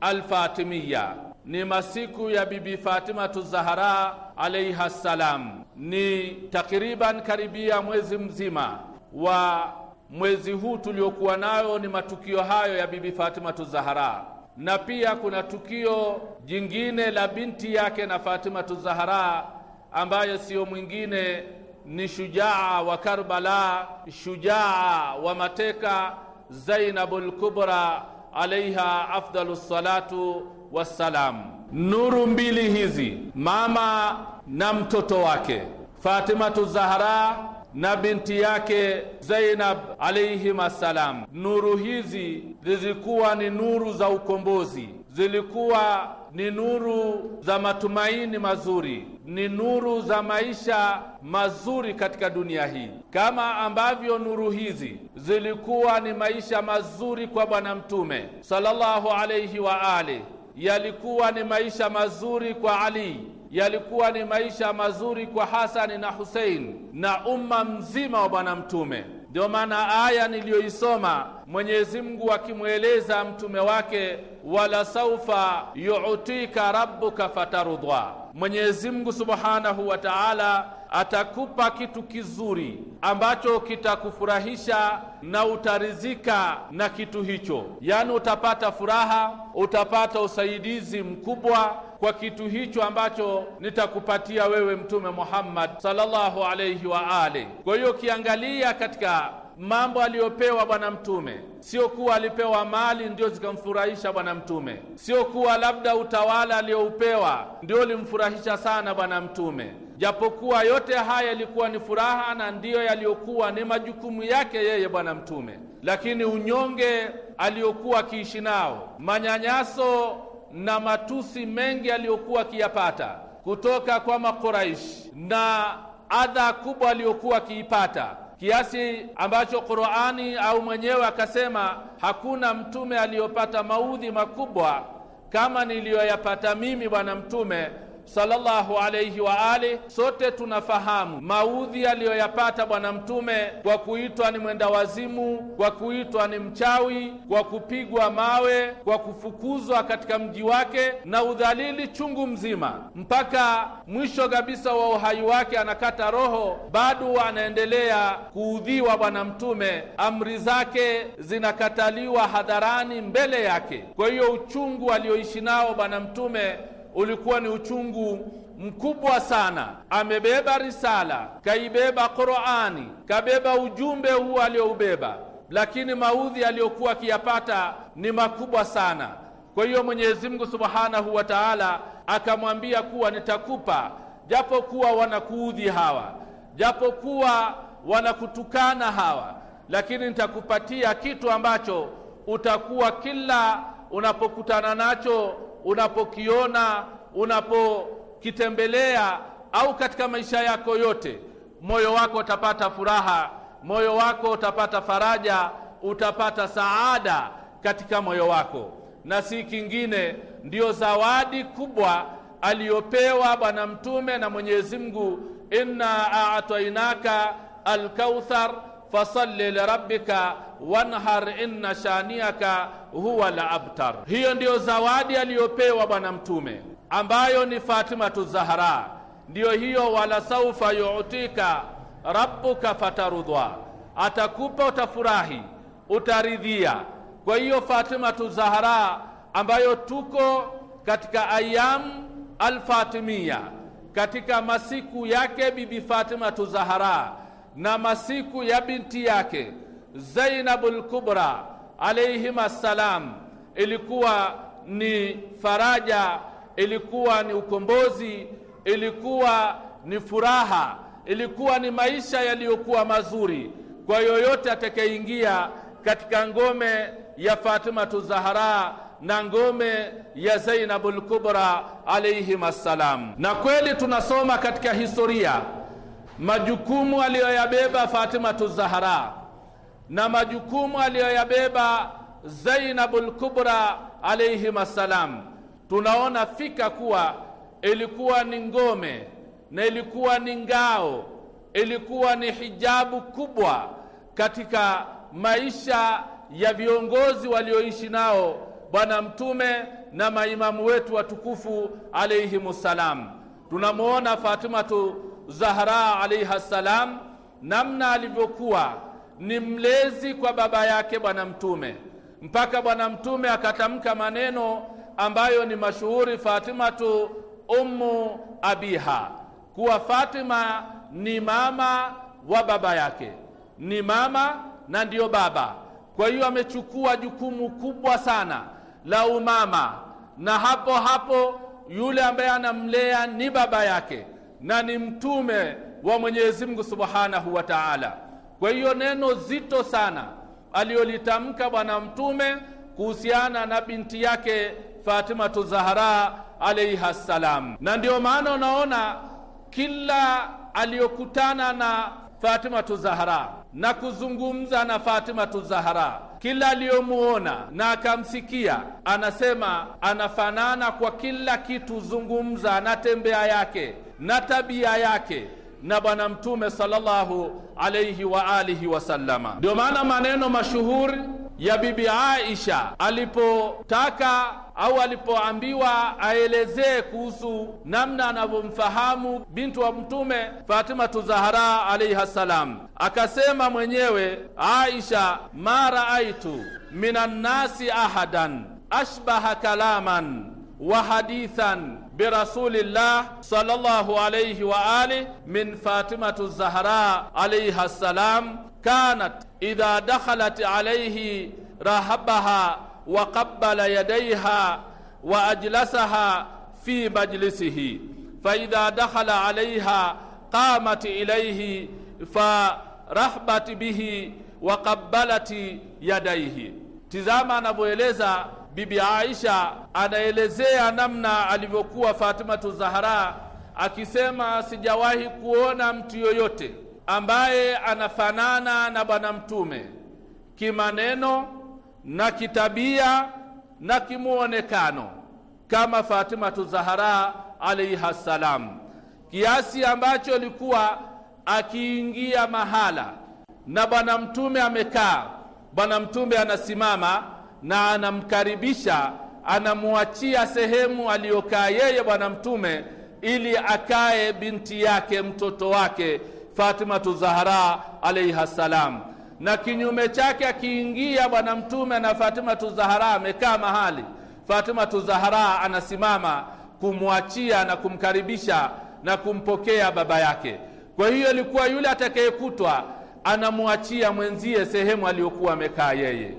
alfatimiya, ni masiku ya Bibi Fatimatu Zahara alaiha ssalam, ni takriban karibia mwezi mzima wa mwezi huu tuliokuwa nayo ni matukio hayo ya Bibi Fatimatu Zahara na pia kuna tukio jingine la binti yake na Fatima Zahra ambaye siyo mwingine ni shujaa wa Karbala, shujaa wa mateka Zainabul Kubra alaiha afdalu salatu wassalam. Nuru mbili hizi, mama na mtoto wake Fatima Zahra na binti yake Zainab alayhim assalam. Nuru hizi zilikuwa ni nuru za ukombozi, zilikuwa ni nuru za matumaini mazuri, ni nuru za maisha mazuri katika dunia hii, kama ambavyo nuru hizi zilikuwa ni maisha mazuri kwa Bwana Mtume sallallahu alayhi wa ali, yalikuwa ni maisha mazuri kwa Ali yalikuwa ni maisha mazuri kwa Hasani na Husein na umma mzima wa Bwana Mtume. Ndio maana aya niliyoisoma Mwenyezi Mungu akimweleza mtume wake, wala saufa yuutika rabbuka fatarudwa, Mwenyezi Mungu subhanahu wa taala atakupa kitu kizuri ambacho kitakufurahisha na utarizika na kitu hicho, yaani utapata furaha, utapata usaidizi mkubwa kwa kitu hicho ambacho nitakupatia wewe Mtume Muhammad sallallahu alayhi wa ali. Kwa hiyo ukiangalia katika mambo aliyopewa Bwana Mtume, sio kuwa alipewa mali ndio zikamfurahisha Bwana Mtume, sio kuwa labda utawala aliyoupewa ndio ulimfurahisha sana Bwana Mtume, japokuwa yote haya yalikuwa ni furaha na ndiyo yaliyokuwa ni majukumu yake yeye Bwana Mtume, lakini unyonge aliyokuwa akiishi nao, manyanyaso na matusi mengi aliyokuwa akiyapata kutoka kwa Makuraish na adha kubwa aliyokuwa akiipata kiasi ambacho Qurani au mwenyewe akasema hakuna mtume aliyopata maudhi makubwa kama niliyoyapata mimi bwana mtume sallallahu alayhi wa ali. Sote tunafahamu maudhi aliyoyapata Bwana Mtume kwa kuitwa ni mwenda wazimu, kwa kuitwa ni mchawi, kwa kupigwa mawe, kwa kufukuzwa katika mji wake na udhalili chungu mzima, mpaka mwisho kabisa wa uhai wake anakata roho, bado anaendelea kuudhiwa Bwana Mtume, amri zake zinakataliwa hadharani mbele yake. Kwa hiyo uchungu alioishi nao Bwana Mtume ulikuwa ni uchungu mkubwa sana. Amebeba risala, kaibeba Qurani, kabeba ujumbe huu alioubeba, lakini maudhi aliyokuwa akiyapata ni makubwa sana. Kwa hiyo Mwenyezi Mungu Subhanahu wa Ta'ala akamwambia kuwa nitakupa, japo kuwa wanakuudhi hawa, japo kuwa wanakutukana hawa, lakini nitakupatia kitu ambacho utakuwa kila unapokutana nacho unapokiona, unapokitembelea au katika maisha yako yote, moyo wako utapata furaha, moyo wako utapata faraja, utapata saada katika moyo wako, na si kingine, ndiyo zawadi kubwa aliyopewa Bwana Mtume na Mwenyezi Mungu, inna a'tainaka alkauthar fasalli lirabbika wanhar inna shaniaka huwa la abtar. Hiyo ndiyo zawadi aliyopewa Bwana Mtume ambayo ni Fatimatu Zahra, ndiyo hiyo wala saufa yuutika rabbuka fatarudhwa, atakupa utafurahi, utaridhia. Kwa hiyo Fatimatu Zahra ambayo tuko katika ayamu alfatimia, katika masiku yake Bibi Fatimatu Zahra na masiku ya binti yake Zainabul Kubra alayhima salam, ilikuwa ni faraja, ilikuwa ni ukombozi, ilikuwa ni furaha, ilikuwa ni maisha yaliyokuwa mazuri kwa yoyote atakayeingia katika ngome ya Fatimatu Zahara na ngome ya Zainabul Kubra alayhima salam. Na kweli tunasoma katika historia majukumu aliyoyabeba Fatimatu Zahara na majukumu aliyoyabeba Zainabul Kubra alayhim assalam, tunaona fika kuwa ilikuwa ni ngome na ilikuwa ni ngao, ilikuwa ni hijabu kubwa katika maisha ya viongozi walioishi nao Bwana Mtume na maimamu wetu watukufu alayhimus assalam Tunamwona Fatimatu Zahra alaiha salam, namna alivyokuwa ni mlezi kwa baba yake Bwana Mtume, mpaka Bwana Mtume akatamka maneno ambayo ni mashuhuri, Fatimatu ummu abiha, kuwa Fatima ni mama wa baba yake, ni mama na ndiyo baba. Kwa hiyo amechukua jukumu kubwa sana la umama, na hapo hapo yule ambaye anamlea ni baba yake na ni mtume wa Mwenyezi Mungu Subhanahu wa Ta'ala. Kwa hiyo neno zito sana aliyolitamka bwana mtume kuhusiana na binti yake Fatimatu Zahra alaiha salam, na ndio maana unaona kila aliyokutana na Fatimatu Zahra na kuzungumza na Fatimatu Zahra, kila aliyomuona na akamsikia, anasema anafanana kwa kila kitu, zungumza na tembea yake na tabia yake na Bwana Mtume sallallahu alayhi wa alihi wasallama. Ndio maana maneno mashuhuri ya Bibi Aisha alipotaka au alipoambiwa aelezee kuhusu namna anavyomfahamu bintu wa Mtume Fatima Tuzahara alayha salam, akasema mwenyewe Aisha, ma raaitu minan nasi ahadan ashbaha kalaman wa hadithan birasulillah sallallahu alayhi wa ali min Fatimatu Zahra alayha salam kanat idha dakhalat alayhi rahabaha wa qabbala yadayha wa ajlasaha fi majlisihi fa idha dakhala alayha qamat ilayhi fa rahbat bihi wa qabbalat yadayhi. Tizama anavyoeleza Bibi Aisha anaelezea namna alivyokuwa Fatimatu Zahra akisema, sijawahi kuona mtu yoyote ambaye anafanana na Bwana Mtume kimaneno na kitabia na kimwonekano kama Fatimatu Zahra alaiha salam, kiasi ambacho alikuwa akiingia mahala na Bwana Mtume amekaa, Bwana Mtume anasimama na anamkaribisha anamwachia sehemu aliyokaa yeye Bwana Mtume ili akae binti yake mtoto wake Fatimatu Zahra alaiha salam, na kinyume chake akiingia Bwana Mtume na Fatimatu Zahra amekaa mahali, Fatimatu Zahra anasimama kumwachia na kumkaribisha na kumpokea baba yake. Kwa hiyo ilikuwa yule atakayekutwa anamwachia mwenzie sehemu aliyokuwa amekaa yeye.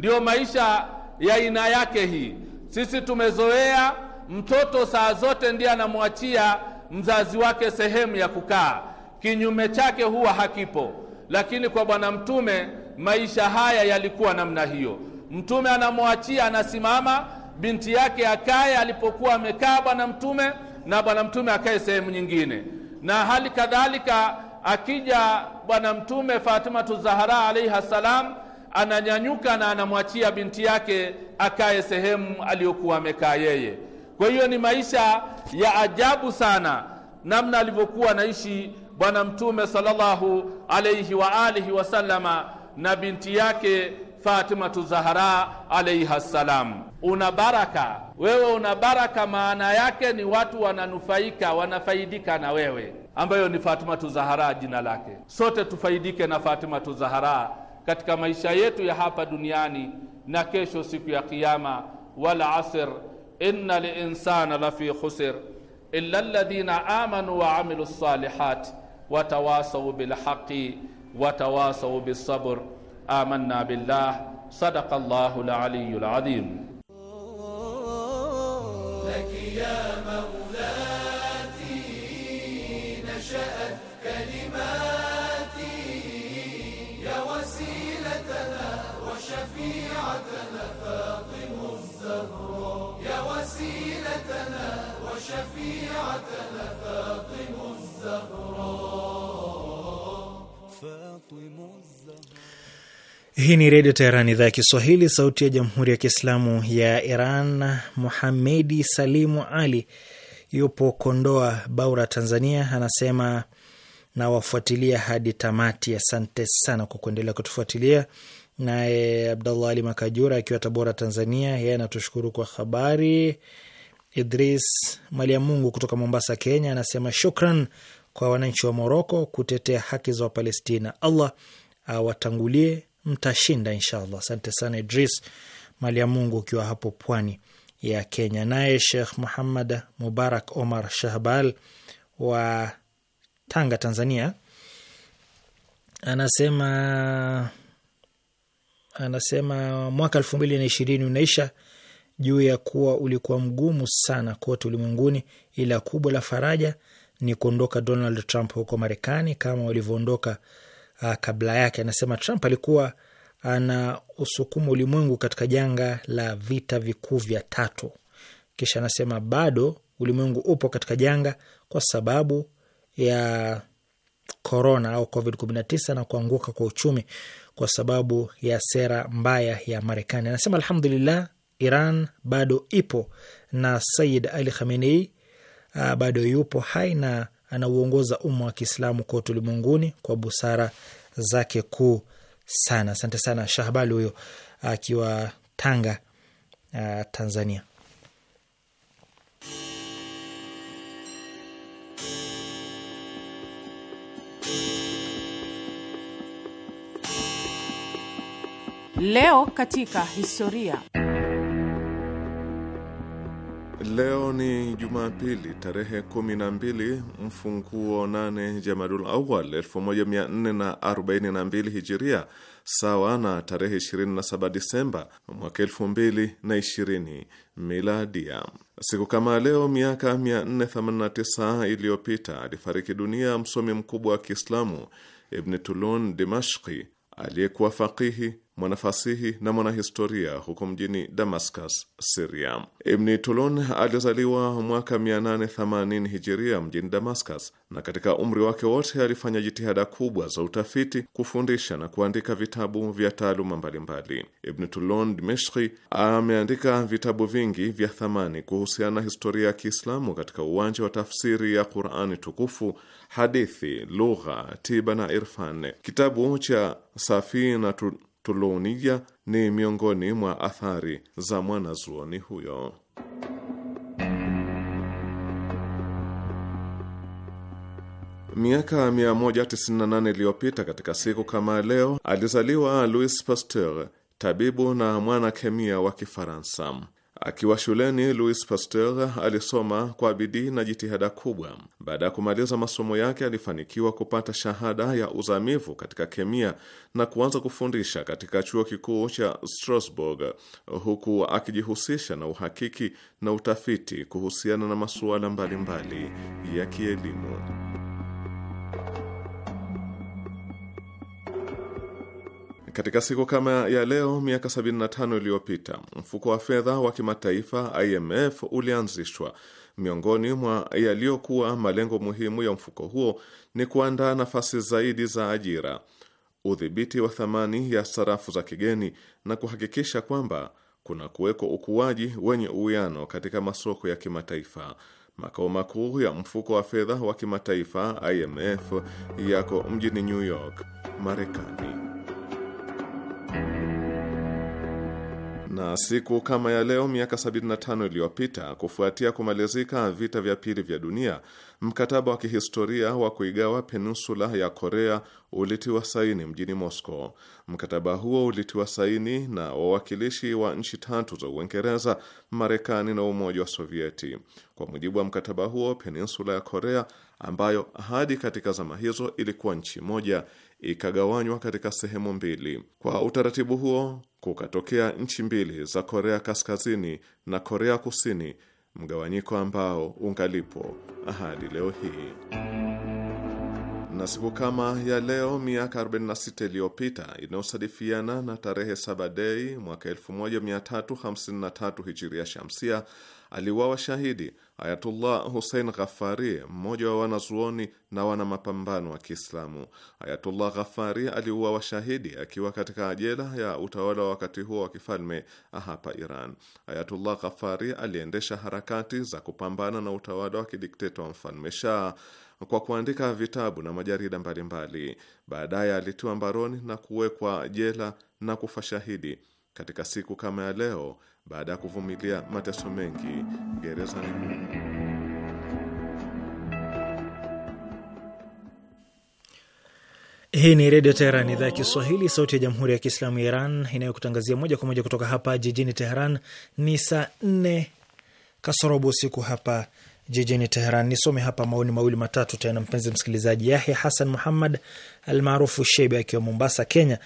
Ndiyo maisha ya aina yake hii. Sisi tumezoea mtoto saa zote ndiye anamwachia mzazi wake sehemu ya kukaa, kinyume chake huwa hakipo. Lakini kwa Bwana Mtume maisha haya yalikuwa namna hiyo. Mtume anamwachia, anasimama binti yake akae alipokuwa amekaa Bwana Mtume, na Bwana Mtume akae sehemu nyingine, na hali kadhalika akija Bwana Mtume Fatimatu Zahara alaihi salam ananyanyuka na anamwachia binti yake akae sehemu aliyokuwa amekaa yeye. Kwa hiyo ni maisha ya ajabu sana namna alivyokuwa anaishi Bwana Mtume sallallahu alayhi wa alihi wasallama na binti yake Fatimatu Zahra alaiha salam. Una baraka wewe, una baraka, maana yake ni watu wananufaika, wanafaidika na wewe, ambayo ni Fatimatu Zahra jina lake. Sote tufaidike na Fatimatu Zahra katika maisha yetu ya hapa duniani na kesho siku ya kiyama wal asr inna linsana lafi khusr illa alladhina amanu wa amilu salihat watawasau bilhaqi watawasau bisabr amanna billah صدق الله العلي العظيم لك يا مولاتي نشأت كلمات وسيلتنا وشفيعتنا فاطم الزهراء فاطم الزهراء hii ni Redio Teheran, idhaa ya Kiswahili, sauti ya Jamhuri ya Kiislamu ya Iran. Muhamedi Salimu Ali yupo Kondoa Baura, Tanzania, anasema nawafuatilia hadi tamati. Asante sana kwa kuendelea kutufuatilia. Naye Abdallah Ali Makajura akiwa Tabora, Tanzania, yeye anatushukuru kwa habari. Idris Mungu kutoka Mombasa, Kenya, anasema shukran kwa wananchi wa Moroko kutetea haki za Wapalestina. Allah awatangulie, mtashinda inshallah. Asante sana Idris mungu ukiwa hapo pwani ya Kenya. Naye Shekh Muhammad Mubarak Omar Shahbal wa Tanga, Tanzania, anasema anasema mwaka elfu mbili na ishirini unaisha juu ya kuwa ulikuwa mgumu sana kote ulimwenguni, ila kubwa la faraja ni kuondoka Donald Trump huko Marekani kama walivyoondoka uh, kabla yake. Anasema Trump alikuwa ana usukuma ulimwengu katika janga la vita vikuu vya tatu. Kisha anasema bado ulimwengu upo katika janga kwa sababu ya korona au COVID 19 na kuanguka kwa uchumi kwa sababu ya sera mbaya ya Marekani. Anasema alhamdulillah, Iran bado ipo na Sayid Ali Khamenei ah, bado yupo hai na anauongoza umma wa Kiislamu kote ulimwenguni kwa busara zake kuu sana. Asante sana Shahbali huyo akiwa Tanga, ah, Tanzania. Leo katika historia. Leo ni Jumapili tarehe 12 mfunguo 8 Jamadul Awal 1442 Hijiria, sawa na tarehe 27 Disemba mwaka 2020 Miladia. Siku kama leo miaka 489 iliyopita alifariki dunia msomi mkubwa wa Kiislamu Ibn Tulun Dimashqi aliyekuwa fakihi mwanafasihi na mwanahistoria huko mjini Damascus, Siria. Ibni Tulun alizaliwa mwaka 880 hijiria mjini Damascus, na katika umri wake wote alifanya jitihada kubwa za utafiti, kufundisha na kuandika vitabu vya taaluma mbalimbali. ibn Tulun Dimeshki ameandika vitabu vingi vya thamani kuhusiana na historia ya Kiislamu katika uwanja wa tafsiri ya Qurani tukufu, hadithi, lugha, tiba na irfan. Kitabu cha Safinatu Tulunia ni miongoni mwa athari za mwanazuoni huyo. Miaka 198 iliyopita katika siku kama leo alizaliwa Louis Pasteur, tabibu na mwana kemia wa Kifaransa. Akiwa shuleni Louis Pasteur alisoma kwa bidii na jitihada kubwa. Baada ya kumaliza masomo yake, alifanikiwa kupata shahada ya uzamivu katika kemia na kuanza kufundisha katika chuo kikuu cha Strasbourg, huku akijihusisha na uhakiki na utafiti kuhusiana na masuala mbalimbali ya kielimu. Katika siku kama ya leo miaka 75 iliyopita mfuko wa fedha wa kimataifa IMF ulianzishwa. Miongoni mwa yaliyokuwa malengo muhimu ya mfuko huo ni kuandaa nafasi zaidi za ajira, udhibiti wa thamani ya sarafu za kigeni na kuhakikisha kwamba kuna kuwekwa ukuaji wenye uwiano katika masoko ya kimataifa. Makao makuu ya mfuko wa fedha wa kimataifa IMF yako mjini New York, Marekani. na siku kama ya leo miaka 75 iliyopita, kufuatia kumalizika vita vya pili vya dunia, mkataba wa kihistoria wa kuigawa peninsula ya Korea ulitiwa saini mjini Moscow. Mkataba huo ulitiwa saini na wawakilishi wa nchi tatu za Uingereza, Marekani na Umoja wa Sovieti. Kwa mujibu wa mkataba huo, peninsula ya Korea ambayo hadi katika zama hizo ilikuwa nchi moja ikagawanywa katika sehemu mbili. Kwa utaratibu huo kukatokea nchi mbili za Korea Kaskazini na Korea Kusini, mgawanyiko ambao ungalipo hadi leo hii. Na siku kama ya leo miaka 46 iliyopita inayosadifiana na tarehe 7 Dei mwaka 1353 hijiria shamsia aliuawa shahidi Ayatullah Hussein Ghafari, mmoja wa wanazuoni na wana mapambano wa Kiislamu. Ayatullah Ghafari aliua washahidi akiwa katika jela ya utawala wa wakati huo wa kifalme hapa Iran. Ayatullah Ghafari aliendesha harakati za kupambana na utawala wa kidikteta wa mfalme Shah kwa kuandika vitabu na majarida mbalimbali. Baadaye alitiwa mbaroni na kuwekwa jela na kufa shahidi katika siku kama ya leo, baada ya kuvumilia mateso mengi gerezani humo. Hii ni Redio Teheran, idhaa ya Kiswahili, sauti ya Jamhuri ya Kiislamu ya Iran, inayokutangazia moja kwa moja kutoka hapa jijini Teheran. Ni saa nne kasorobo usiku hapa jijini Teheran. Nisome hapa maoni mawili matatu tena, mpenzi msikilizaji. Yahya Hasan Muhammad almaarufu Shebe akiwa Mombasa, Kenya,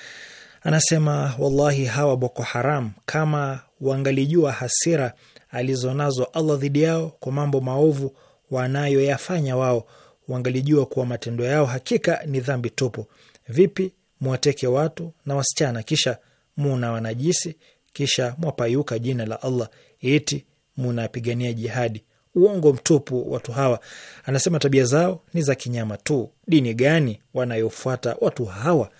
Anasema wallahi, hawa Boko Haram kama wangalijua hasira alizonazo Allah dhidi yao kwa mambo maovu wanayoyafanya wao, wangalijua kuwa matendo yao hakika ni dhambi tupu. Vipi mwateke watu na wasichana, kisha muna wanajisi, kisha mwapayuka jina la Allah eti munapigania jihadi? Uongo mtupu watu hawa. Anasema tabia zao ni za kinyama tu. Dini gani wanayofuata watu hawa?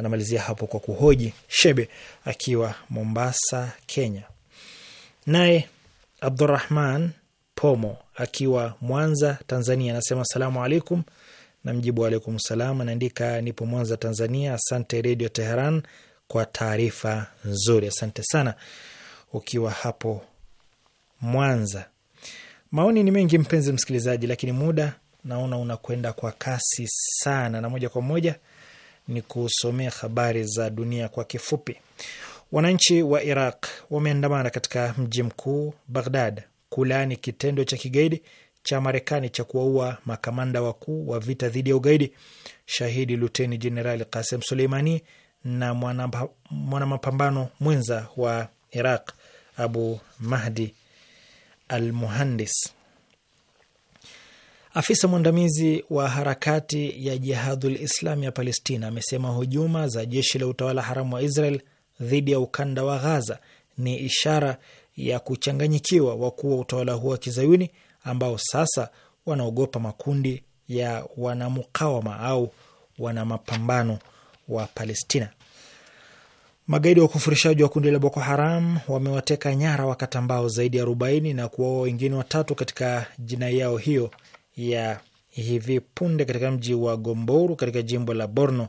Anamalizia hapo kwa kuhoji Shebe akiwa Mombasa, Kenya. Naye Abdurahman Pomo akiwa Mwanza, Tanzania anasema asalamu alaikum, na mjibu alaikum salam. Anaandika nipo Mwanza, Tanzania. Asante Redio Teheran kwa taarifa nzuri, asante sana ukiwa hapo Mwanza. Maoni ni mengi mpenzi msikilizaji, lakini muda naona unakwenda kwa kasi sana, na moja kwa moja ni kusomea habari za dunia kwa kifupi. Wananchi wa Iraq wameandamana katika mji mkuu Baghdad kulaani kitendo cha kigaidi cha Marekani cha kuwaua makamanda wakuu wa vita dhidi ya ugaidi shahidi luteni jenerali Kasem Suleimani na mwanamapambano mwenza wa Iraq Abu Mahdi al Muhandis. Afisa mwandamizi wa harakati ya Jihadul Islam ya Palestina amesema hujuma za jeshi la utawala haramu wa Israel dhidi ya ukanda wa Ghaza ni ishara ya kuchanganyikiwa wakuu wa utawala huo wa kizayuni ambao sasa wanaogopa makundi ya wanamukawama au wana mapambano wa Palestina. Magaidi wa kufurishaji wa kundi la Boko Haram wamewateka nyara wakatambao zaidi ya arobaini na kuwaua wengine watatu katika jinai yao hiyo ya hivi punde katika mji wa Gomboru katika jimbo la Borno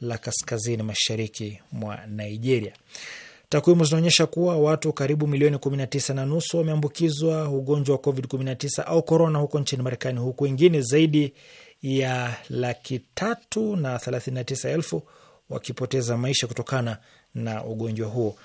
la kaskazini mashariki mwa Nigeria. Takwimu zinaonyesha kuwa watu karibu milioni 19 na nusu wameambukizwa ugonjwa wa COVID-19 au korona huko nchini Marekani, huku wengine zaidi ya laki tatu na 39 elfu wakipoteza maisha kutokana na ugonjwa huo.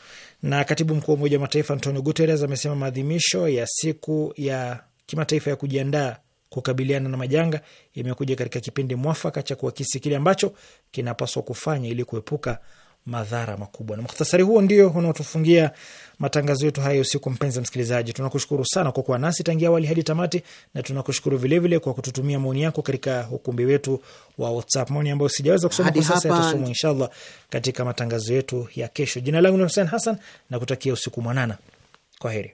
Na katibu mkuu wa Umoja wa Mataifa Antonio Guterres amesema maadhimisho ya siku ya kimataifa ya kujiandaa kukabiliana na majanga yamekuja katika kipindi mwafaka cha kuakisi kile ambacho kinapaswa kufanya ili kuepuka madhara makubwa. Na mukhtasari huo ndio unaotufungia matangazo yetu haya usiku. Mpenzi msikilizaji, tunakushukuru sana kwa kuwa nasi tangia awali hadi tamati, na tunakushukuru vilevile kwa kututumia maoni yako katika ukumbi wetu wa WhatsApp, maoni ambayo sijaweza kusoma kwa sasa yatasomwa inshallah katika matangazo yetu ya kesho. Jina langu ni Hussein Hassan na kutakia usiku mwanana, kwa heri.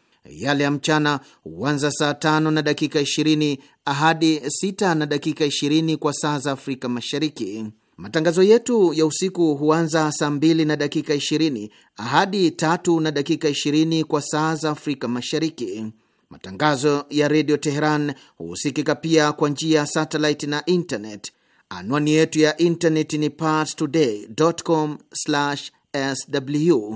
yale ya mchana huanza saa tano na dakika 20 hadi sita na dakika 20 kwa saa za Afrika Mashariki. Matangazo yetu ya usiku huanza saa mbili na dakika 20 hadi tatu na dakika 20 kwa saa za Afrika Mashariki. Matangazo ya Redio Teheran husikika pia kwa njia ya satellite na internet. Anwani yetu ya internet ni parstoday.com/sw